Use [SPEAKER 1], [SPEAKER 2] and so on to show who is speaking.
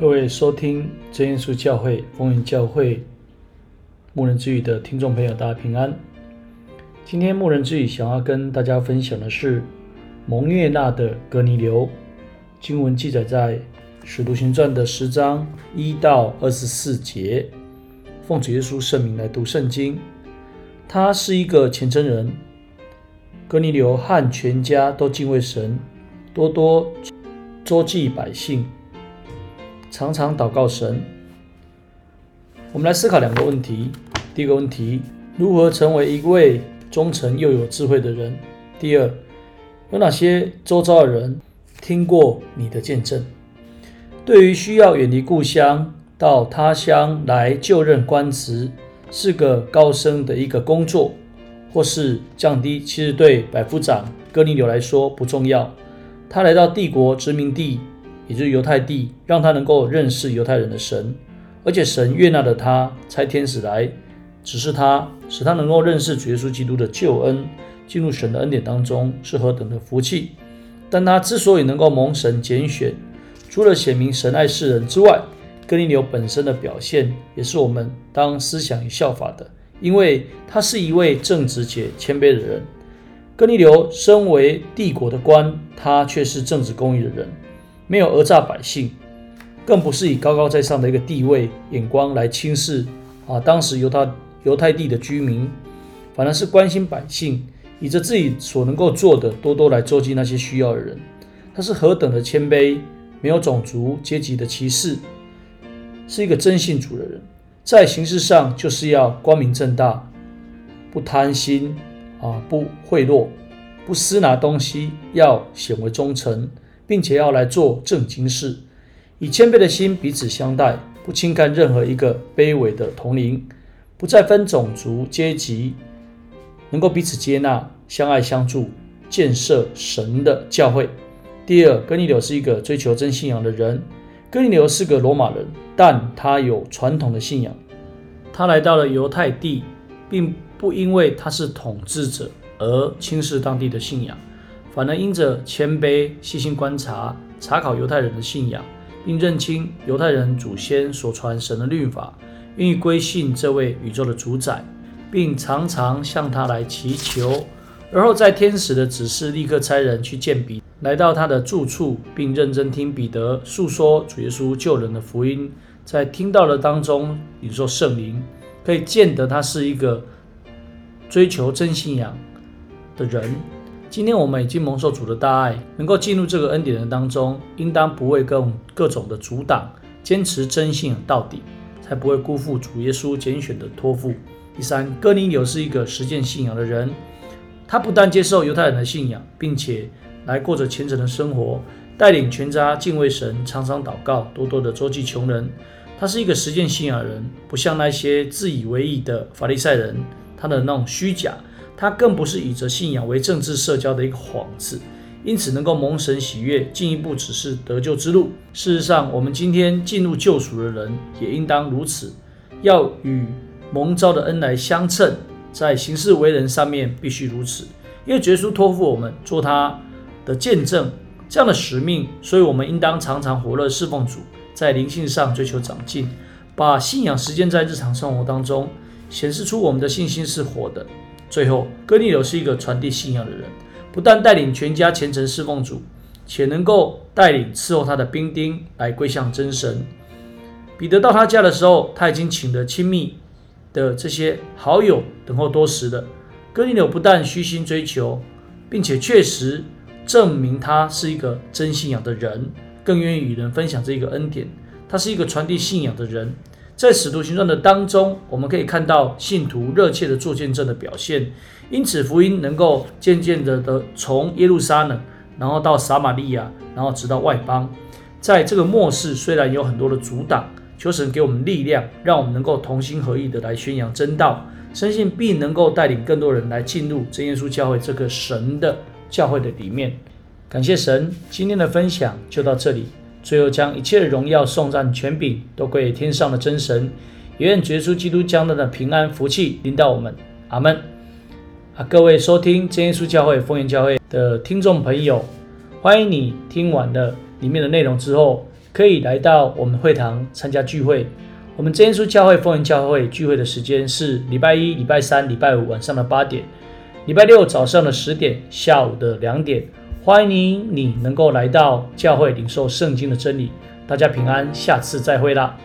[SPEAKER 1] 各位收聽真耶穌教會風雲教會牧人之語的聽眾朋友，大家平安。今天牧人之語想要跟大家分享的是蒙悅納的哥尼流，經文記載在《使徒行傳》的十章一到二十四節。奉主耶穌聖名來讀聖經。他是一個虔誠人，哥尼流和全家都敬畏神，多多周濟百姓。常常禱告神。我們來思考兩個問題：第一個問題，如何成為一位忠誠又有智慧的人？第二，有哪些周遭的人聽過你的見證？對於需要遠離故鄉到他鄉來就任官職是個高升的一個工作，或是降低，其實對百夫長哥尼流來說不重要。他來到帝國殖民地。也就是猶太地，讓他能夠認識猶太人的神，而且神悅納了他，差天使來指示他，使他能夠認識主耶穌基督的救恩，進入神的恩典當中，是何等的福氣。但他之所以能夠蒙神揀選，除了顯明神愛世人之外，哥尼流本身的表現也是我們當思想與效法的，因為他是一位正直、且謙卑的人。哥尼流身為帝國的官，他卻是正直、公義的人。沒有訛詐百姓，更不是以高高在上的一個地位眼光來輕視啊！當時猶太，猶太地的居民，反而是關心百姓，以着自己所能夠做的多多來周濟那些需要的人。他是何等的謙卑，沒有種族階級的歧視，是一個真信主的人。在行事上就是要光明正大，不貪心啊，不賄賂，不私拿東西，要顯為忠誠。並且要來做正經事，以謙卑的心彼此相待，不輕看任何一個卑微的同靈，不再分種族階級，能夠彼此接納、相愛相助，建設神的教會。第二，哥尼流是一個追求真信仰的人，哥尼流是個羅馬人，但他有傳統的信仰，他來到了猶太地，並不因為他是統治者而輕視當地的信仰。反而因着謙卑、細心觀察、查考猶太人的信仰，並認清猶太人祖先所傳神的律法，願意歸信這位宇宙的主宰，並常常向他來祈求，而後在天使的指示，立刻差人去見彼，來到他的住處，並認真聽彼得訴說主耶穌救人的福音，在聽到的當中領受聖靈，可以見得他是一個追求真信仰的人。今天我們已經蒙受主的大愛，能夠進入這個恩典的當中，應當不畏各各種的阻擋，堅持真信仰到底，才不會辜負主耶穌揀選的托付。第三，哥尼流是一個實踐信仰的人，他不但接受猶太人的信仰，並且來過着虔誠的生活，帶領全家敬畏神，常常禱告，多多的周濟窮人。他是一個實踐信仰的人，不像那些自以為義的法利賽人，他的那種虛假。他更不是以着信仰為政治社交的一個幌子，因此能夠蒙神喜悅，進一步指示得救之路。事實上，我們今天進入救贖的人也應當如此，要與蒙召的恩來相稱，在行事為人上面必須如此。因為耶穌托付我們做他的見證，這樣的使命，所以我們應當常常火熱侍奉主，在靈性上追求長進，把信仰實踐在日常生活當中，顯示出我們的信心是活的。最後，哥尼流是一個傳遞信仰的人，不但帶領全家虔誠侍奉主，且能夠帶領伺候他的兵丁來歸向真神。彼得到他家的時候，他已經請了親密的這些好友等候多時了。哥尼流不但虛心追求，並且確實證明他是一個真信仰的人，更願意與人分享這個恩典，他是一個傳遞信仰的人。在使徒行傳的當中，我們可以看到信徒熱切的做見證的表現，因此福音能夠漸漸的的從耶路撒冷，然後到撒瑪利亞，然後直到外邦。在這個末世，雖然有很多的阻擋，求神給我們力量，讓我們能夠同心合意的來宣揚真道，深信必能夠帶領更多人來進入真耶穌教會這個神的教會的裡面。感謝神，今天的分享就到這裡。最後，將一切的榮耀頌讚、權柄都歸給天上的真神，也願耶穌基督將他的平安福氣臨到我們。阿門。啊，各位收聽真耶穌教會風雲教會的聽眾朋友，歡迎你聽完了裡面的內容之後，可以來到我們會堂參加聚會。我們真耶穌教會風雲教會聚會的時間是禮拜一、禮拜三、禮拜五晚上的八點，禮拜六早上的十點，下午的兩點。歡迎你能夠來到教會領受聖經的真理。大家平安，下次再會啦。